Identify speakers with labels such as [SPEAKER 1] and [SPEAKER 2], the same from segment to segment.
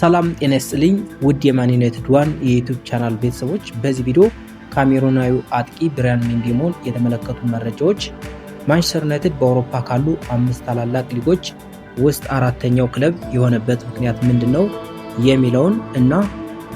[SPEAKER 1] ሰላም ጤና ይስጥልኝ ውድ የማን ዩናይትድ ዋን የዩቱብ ቻናል ቤተሰቦች፣ በዚህ ቪዲዮ ካሜሩናዊ አጥቂ ብሪያን ምቤሞን የተመለከቱ መረጃዎች። ማንቸስተር ዩናይትድ በአውሮፓ ካሉ አምስት ታላላቅ ሊጎች ውስጥ አራተኛው ክለብ የሆነበት ምክንያት ምንድን ነው የሚለውን እና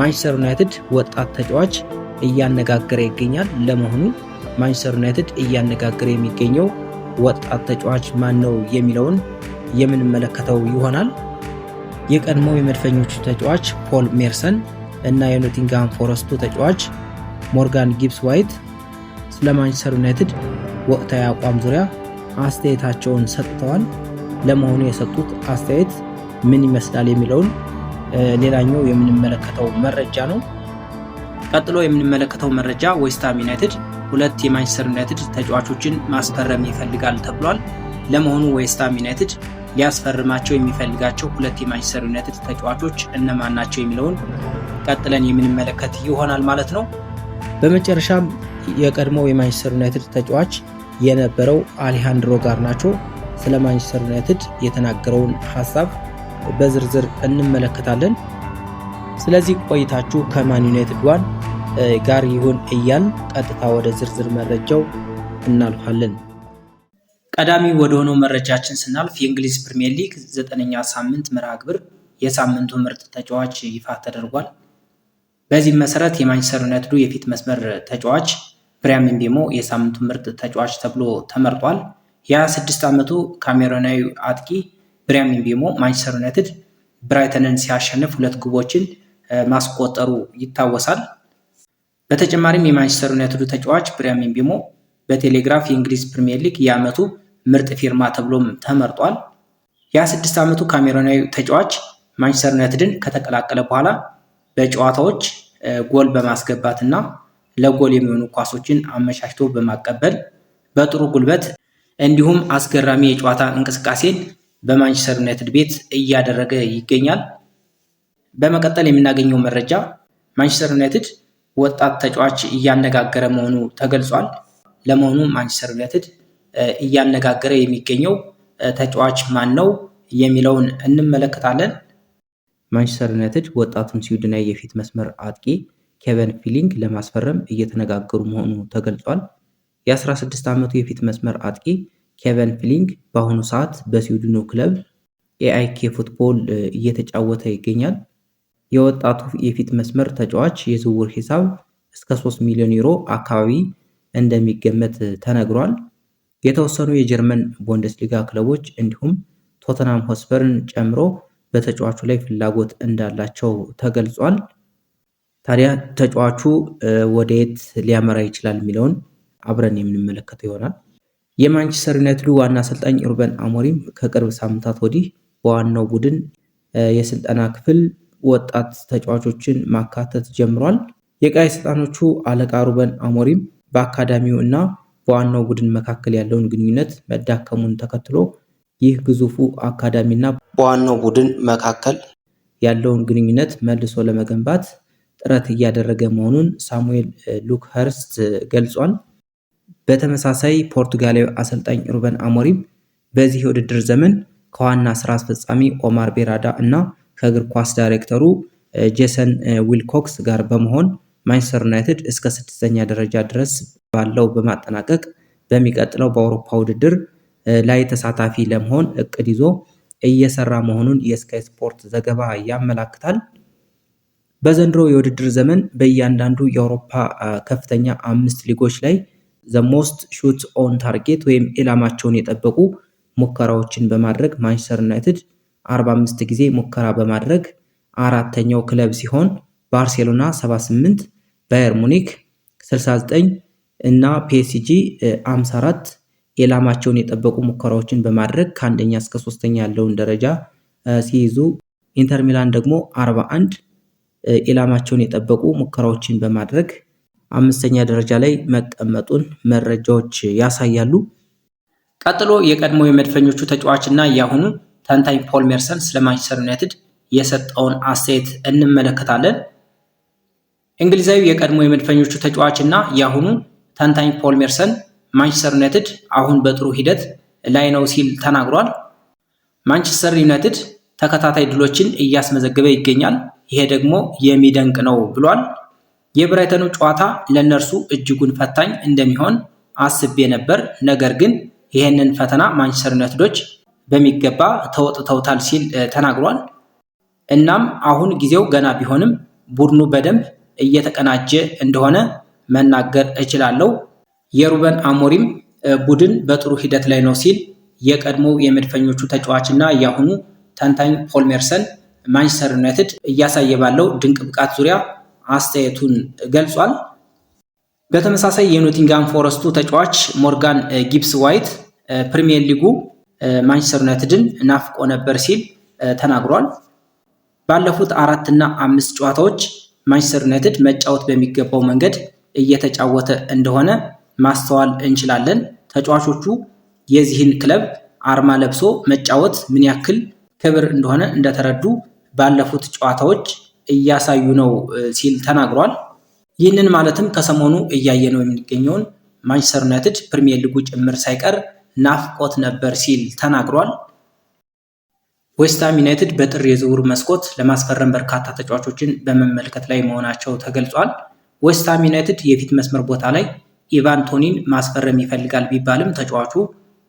[SPEAKER 1] ማንቸስተር ዩናይትድ ወጣት ተጫዋች እያነጋገረ ይገኛል። ለመሆኑ ማንቸስተር ዩናይትድ እያነጋገረ የሚገኘው ወጣት ተጫዋች ማን ነው የሚለውን የምንመለከተው ይሆናል። የቀድሞ የመድፈኞቹ ተጫዋች ፖል ሜርሰን እና የኖቲንግሃም ፎረስቱ ተጫዋች ሞርጋን ጊብስ ዋይት ስለ ማንቸስተር ዩናይትድ ወቅታዊ አቋም ዙሪያ አስተያየታቸውን ሰጥተዋል። ለመሆኑ የሰጡት አስተያየት ምን ይመስላል የሚለውን ሌላኛው የምንመለከተው መረጃ ነው። ቀጥሎ የምንመለከተው መረጃ ዌስትሃም ዩናይትድ ሁለት የማንቸስተር ዩናይትድ ተጫዋቾችን ማስፈረም ይፈልጋል ተብሏል። ለመሆኑ ዌስትሃም ዩናይትድ ሊያስፈርማቸው የሚፈልጋቸው ሁለት የማንቸስተር ዩናይትድ ተጫዋቾች እነማን ናቸው የሚለውን ቀጥለን የምንመለከት ይሆናል ማለት ነው። በመጨረሻም የቀድሞው የማንቸስተር ዩናይትድ ተጫዋች የነበረው ጋር ጋርናቾ ስለ ማንቸስተር ዩናይትድ የተናገረውን ሀሳብ በዝርዝር እንመለከታለን። ስለዚህ ቆይታችሁ ከማን ዩናይትድ ዋን ጋር ይሁን እያል ቀጥታ ወደ ዝርዝር መረጃው እናልፋለን። ቀዳሚ ሆነው መረጃችን ስናልፍ የእንግሊዝ ፕሪሚየር ሊግ ዘጠነኛ ሳምንት መርሃ ግብር የሳምንቱ ምርጥ ተጫዋች ይፋ ተደርጓል። በዚህም መሰረት የማንቸስተር ዩናይትዱ የፊት መስመር ተጫዋች ብሪያን ምቤሞ የሳምንቱ ምርጥ ተጫዋች ተብሎ ተመርጧል። የ26 ዓመቱ ካሜሮናዊ አጥቂ ብሪያን ምቤሞ ማንቸስተር ዩናይትድ ብራይተንን ሲያሸንፍ ሁለት ግቦችን ማስቆጠሩ ይታወሳል። በተጨማሪም የማንቸስተር ዩናይትዱ ተጫዋች ብሪያን ምቤሞ በቴሌግራፍ የእንግሊዝ ፕሪሚየር ሊግ የዓመቱ ምርጥ ፊርማ ተብሎም ተመርጧል። የ26 ዓመቱ ካሜሮናዊ ተጫዋች ማንቸስተር ዩናይትድን ከተቀላቀለ በኋላ በጨዋታዎች ጎል በማስገባት እና ለጎል የሚሆኑ ኳሶችን አመቻችቶ በማቀበል በጥሩ ጉልበት እንዲሁም አስገራሚ የጨዋታ እንቅስቃሴን በማንቸስተር ዩናይትድ ቤት እያደረገ ይገኛል። በመቀጠል የምናገኘው መረጃ ማንቸስተር ዩናይትድ ወጣት ተጫዋች እያነጋገረ መሆኑ ተገልጿል። ለመሆኑ ማንቸስተር ዩናይትድ እያነጋገረ የሚገኘው ተጫዋች ማን ነው የሚለውን እንመለከታለን። ማንቸስተር ዩናይትድ ወጣቱን ስዊድናዊ የፊት መስመር አጥቂ ኬቨን ፊሊንግ ለማስፈረም እየተነጋገሩ መሆኑ ተገልጿል። የ16 ዓመቱ የፊት መስመር አጥቂ ኬቨን ፊሊንግ በአሁኑ ሰዓት በስዊድኑ ክለብ ኤአይኬ ፉትቦል እየተጫወተ ይገኛል። የወጣቱ የፊት መስመር ተጫዋች የዝውውር ሂሳብ እስከ 3 ሚሊዮን ዩሮ አካባቢ እንደሚገመት ተነግሯል። የተወሰኑ የጀርመን ቡንደስሊጋ ክለቦች እንዲሁም ቶተናም ሆስፐርን ጨምሮ በተጫዋቹ ላይ ፍላጎት እንዳላቸው ተገልጿል። ታዲያ ተጫዋቹ ወደየት ሊያመራ ይችላል የሚለውን አብረን የምንመለከተው ይሆናል። የማንቸስተር ዩናይትዱ ዋና አሰልጣኝ ሩበን አሞሪም ከቅርብ ሳምንታት ወዲህ በዋናው ቡድን የስልጠና ክፍል ወጣት ተጫዋቾችን ማካተት ጀምሯል። የቀይ ስልጣኖቹ አለቃ ሩበን አሞሪም በአካዳሚው እና በዋናው ቡድን መካከል ያለውን ግንኙነት መዳከሙን ተከትሎ ይህ ግዙፉ አካዳሚና
[SPEAKER 2] በዋናው ቡድን መካከል
[SPEAKER 1] ያለውን ግንኙነት መልሶ ለመገንባት ጥረት እያደረገ መሆኑን ሳሙኤል ሉክኸርስት ገልጿል። በተመሳሳይ ፖርቱጋላዊ አሰልጣኝ ሩበን አሞሪም በዚህ የውድድር ዘመን ከዋና ስራ አስፈጻሚ ኦማር ቤራዳ እና ከእግር ኳስ ዳይሬክተሩ ጄሰን ዊልኮክስ ጋር በመሆን ማንቸስተር ዩናይትድ እስከ ስድስተኛ ደረጃ ድረስ ባለው በማጠናቀቅ በሚቀጥለው በአውሮፓ ውድድር ላይ ተሳታፊ ለመሆን እቅድ ይዞ እየሰራ መሆኑን የስካይ ስፖርት ዘገባ ያመላክታል። በዘንድሮ የውድድር ዘመን በእያንዳንዱ የአውሮፓ ከፍተኛ አምስት ሊጎች ላይ ዘሞስት ሹት ኦን ታርጌት ወይም ኢላማቸውን የጠበቁ ሙከራዎችን በማድረግ ማንቸስተር ዩናይትድ 45 ጊዜ ሙከራ በማድረግ አራተኛው ክለብ ሲሆን ባርሴሎና 78፣ ባየር ሙኒክ 69 እና ፒኤስጂ 54 ኢላማቸውን የጠበቁ ሙከራዎችን በማድረግ ከአንደኛ እስከ ሶስተኛ ያለውን ደረጃ ሲይዙ ኢንተር ሚላን ደግሞ 41 ኢላማቸውን የጠበቁ ሙከራዎችን በማድረግ አምስተኛ ደረጃ ላይ መቀመጡን መረጃዎች ያሳያሉ። ቀጥሎ የቀድሞ የመድፈኞቹ ተጫዋች እና የአሁኑ ተንታኝ ፖል ሜርሰን ስለ ማንቸስተር ዩናይትድ የሰጠውን አስተያየት እንመለከታለን። እንግሊዛዊ የቀድሞ የመድፈኞቹ ተጫዋች እና የአሁኑ ተንታኝ ፖል ሜርሰን ማንቸስተር ዩናይትድ አሁን በጥሩ ሂደት ላይ ነው ሲል ተናግሯል። ማንቸስተር ዩናይትድ ተከታታይ ድሎችን እያስመዘገበ ይገኛል። ይሄ ደግሞ የሚደንቅ ነው ብሏል። የብራይተኑ ጨዋታ ለእነርሱ እጅጉን ፈታኝ እንደሚሆን አስቤ ነበር፣ ነገር ግን ይህንን ፈተና ማንቸስተር ዩናይትዶች በሚገባ ተወጥተውታል ሲል ተናግሯል። እናም አሁን ጊዜው ገና ቢሆንም ቡድኑ በደንብ እየተቀናጀ እንደሆነ መናገር እችላለሁ። የሩበን አሞሪም ቡድን በጥሩ ሂደት ላይ ነው ሲል የቀድሞው የመድፈኞቹ ተጫዋች እና የአሁኑ ተንታኝ ፖል ሜርሰን ማንቸስተር ዩናይትድ እያሳየ ባለው ድንቅ ብቃት ዙሪያ አስተያየቱን ገልጿል። በተመሳሳይ የኖቲንጋም ፎረስቱ ተጫዋች ሞርጋን ጊብስ ዋይት ፕሪሚየር ሊጉ ማንቸስተር ዩናይትድን ናፍቆ ነበር ሲል ተናግሯል። ባለፉት አራት እና አምስት ጨዋታዎች ማንቸስተር ዩናይትድ መጫወት በሚገባው መንገድ እየተጫወተ እንደሆነ ማስተዋል እንችላለን። ተጫዋቾቹ የዚህን ክለብ አርማ ለብሶ መጫወት ምን ያክል ክብር እንደሆነ እንደተረዱ ባለፉት ጨዋታዎች እያሳዩ ነው ሲል ተናግሯል። ይህንን ማለትም ከሰሞኑ እያየ ነው የሚገኘውን ማንቸስተር ዩናይትድ ፕሪሚየር ሊጉ ጭምር ሳይቀር ናፍቆት ነበር ሲል ተናግሯል። ዌስትሃም ዩናይትድ በጥር የዝውውር መስኮት ለማስፈረም በርካታ ተጫዋቾችን በመመልከት ላይ መሆናቸው ተገልጿል። ዌስትሃም ዩናይትድ የፊት መስመር ቦታ ላይ ኢቫን ቶኒን ማስፈረም ይፈልጋል ቢባልም ተጫዋቹ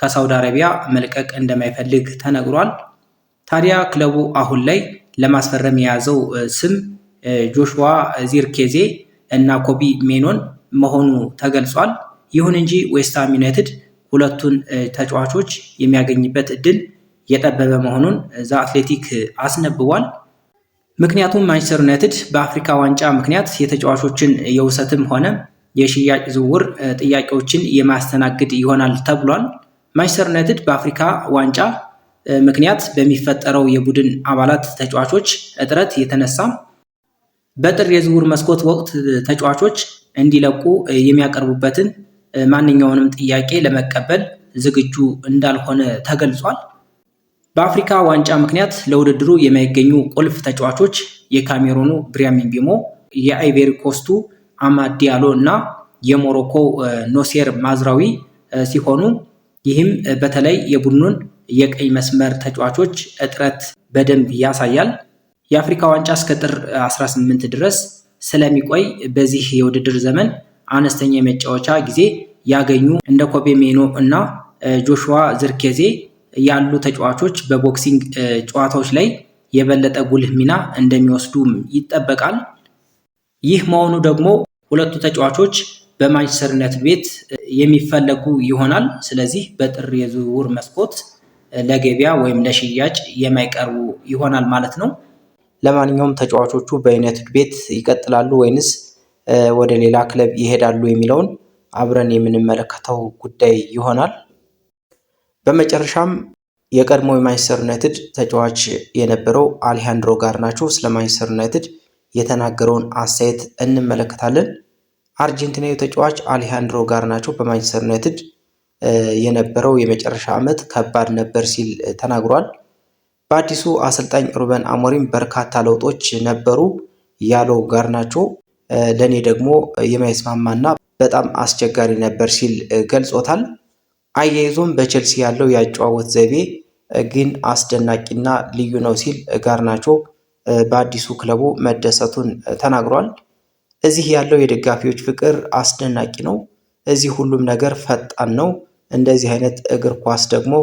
[SPEAKER 1] ከሳውዲ አረቢያ መልቀቅ እንደማይፈልግ ተነግሯል። ታዲያ ክለቡ አሁን ላይ ለማስፈረም የያዘው ስም ጆሹዋ ዚርኬዜ እና ኮቢ ሜኖን መሆኑ ተገልጿል። ይሁን እንጂ ዌስትሃም ዩናይትድ ሁለቱን ተጫዋቾች የሚያገኝበት እድል የጠበበ መሆኑን ዘ አትሌቲክ አስነብቧል። ምክንያቱም ማንቸስተር ዩናይትድ በአፍሪካ ዋንጫ ምክንያት የተጫዋቾችን የውሰትም ሆነ የሽያጭ ዝውውር ጥያቄዎችን የማስተናግድ ይሆናል ተብሏል። ማንቸስተር ዩናይትድ በአፍሪካ ዋንጫ ምክንያት በሚፈጠረው የቡድን አባላት ተጫዋቾች እጥረት የተነሳ በጥር የዝውውር መስኮት ወቅት ተጫዋቾች እንዲለቁ የሚያቀርቡበትን ማንኛውንም ጥያቄ ለመቀበል ዝግጁ እንዳልሆነ ተገልጿል። በአፍሪካ ዋንጫ ምክንያት ለውድድሩ የማይገኙ ቁልፍ ተጫዋቾች የካሜሮኑ ብሪያም ቢሞ፣ የአይቬሪ ኮስቱ አማድ ዲያሎ እና የሞሮኮ ኖሴር ማዝራዊ ሲሆኑ ይህም በተለይ የቡድኑን የቀኝ መስመር ተጫዋቾች እጥረት በደንብ ያሳያል። የአፍሪካ ዋንጫ እስከ ጥር 18 ድረስ ስለሚቆይ በዚህ የውድድር ዘመን አነስተኛ የመጫወቻ ጊዜ ያገኙ እንደ ኮቤ ሜኖ እና ጆሹዋ ዝርኬዜ ያሉ ተጫዋቾች በቦክሲንግ ጨዋታዎች ላይ የበለጠ ጉልህ ሚና እንደሚወስዱም ይጠበቃል። ይህ መሆኑ ደግሞ ሁለቱ ተጫዋቾች በማንቸስተር ዩናይትድ ቤት የሚፈለጉ ይሆናል። ስለዚህ በጥር የዝውውር መስኮት ለገበያ ወይም ለሽያጭ የማይቀርቡ ይሆናል ማለት ነው። ለማንኛውም ተጫዋቾቹ በዩናይትድ ቤት ይቀጥላሉ ወይንስ ወደ ሌላ ክለብ ይሄዳሉ የሚለውን አብረን የምንመለከተው ጉዳይ ይሆናል። በመጨረሻም የቀድሞ የማንቸስተር ዩናይትድ ተጫዋች የነበረው አሌሃንድሮ ጋርናቾ ስለ ማንቸስተር ዩናይትድ የተናገረውን አስተያየት እንመለከታለን። አርጀንቲናዊ ተጫዋች አሌሃንድሮ ጋርናቾ በማንቸስተር ዩናይትድ የነበረው የመጨረሻ ዓመት ከባድ ነበር ሲል ተናግሯል። በአዲሱ አሰልጣኝ ሩበን አሞሪም በርካታ ለውጦች ነበሩ ያለው ጋርናቾ ለእኔ ደግሞ የማይስማማና በጣም አስቸጋሪ ነበር ሲል ገልጾታል። አያይዞም በቼልሲ ያለው የአጨዋወት ዘይቤ ግን አስደናቂና ልዩ ነው ሲል ጋርናቾ በአዲሱ ክለቡ መደሰቱን ተናግሯል። እዚህ ያለው የደጋፊዎች ፍቅር አስደናቂ ነው። እዚህ ሁሉም ነገር ፈጣን ነው። እንደዚህ አይነት እግር ኳስ ደግሞ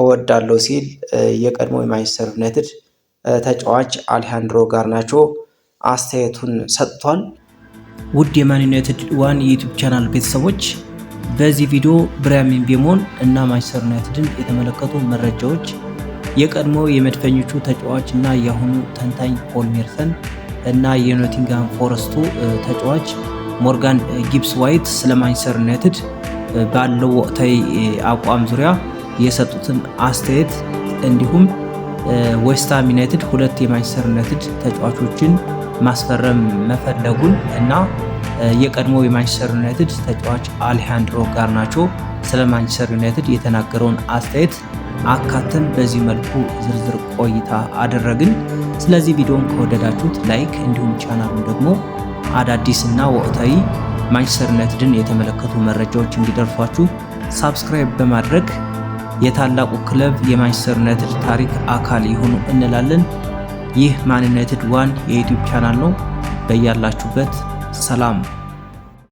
[SPEAKER 1] እወዳለሁ ሲል የቀድሞ የማንቸስተር ዩናይትድ ተጫዋች አሌሃንድሮ ጋርናቾ አስተያየቱን ሰጥቷል። ውድ የማን ዩናይትድ ዋን የዩቱብ ቻናል ቤተሰቦች በዚህ ቪዲዮ ብራያም ምቤሞን እና ማንቸስተር ዩናይትድን የተመለከቱ መረጃዎች፣ የቀድሞ የመድፈኞቹ ተጫዋች እና የአሁኑ ተንታኝ ፖል ሜርሰን እና የኖቲንግሃም ፎረስቱ ተጫዋች ሞርጋን ጊብስ ዋይት ስለ ማንቸስተር ዩናይትድ ባለው ወቅታዊ አቋም ዙሪያ የሰጡትን አስተያየት እንዲሁም ዌስትሃም ዩናይትድ ሁለት የማንቸስተር ዩናይትድ ተጫዋቾችን ማስፈረም መፈለጉን እና የቀድሞ የማንቸስተር ዩናይትድ ተጫዋች አሊሃንድሮ ጋርናቾ ስለ ማንቸስተር ዩናይትድ የተናገረውን አስተያየት አካተን በዚህ መልኩ ዝርዝር ቆይታ አደረግን። ስለዚህ ቪዲዮን ከወደዳችሁት ላይክ፣ እንዲሁም ቻናሉን ደግሞ አዳዲስ እና ወቅታዊ ማንቸስተር ዩናይትድን የተመለከቱ መረጃዎች እንዲደርሷችሁ ሳብስክራይብ በማድረግ የታላቁ ክለብ የማንቸስተር ዩናይትድ ታሪክ አካል ይሁኑ እንላለን። ይህ ማን ዩናይትድ ዋን የዩቲዩብ ቻናል ነው። በያላችሁበት ሰላም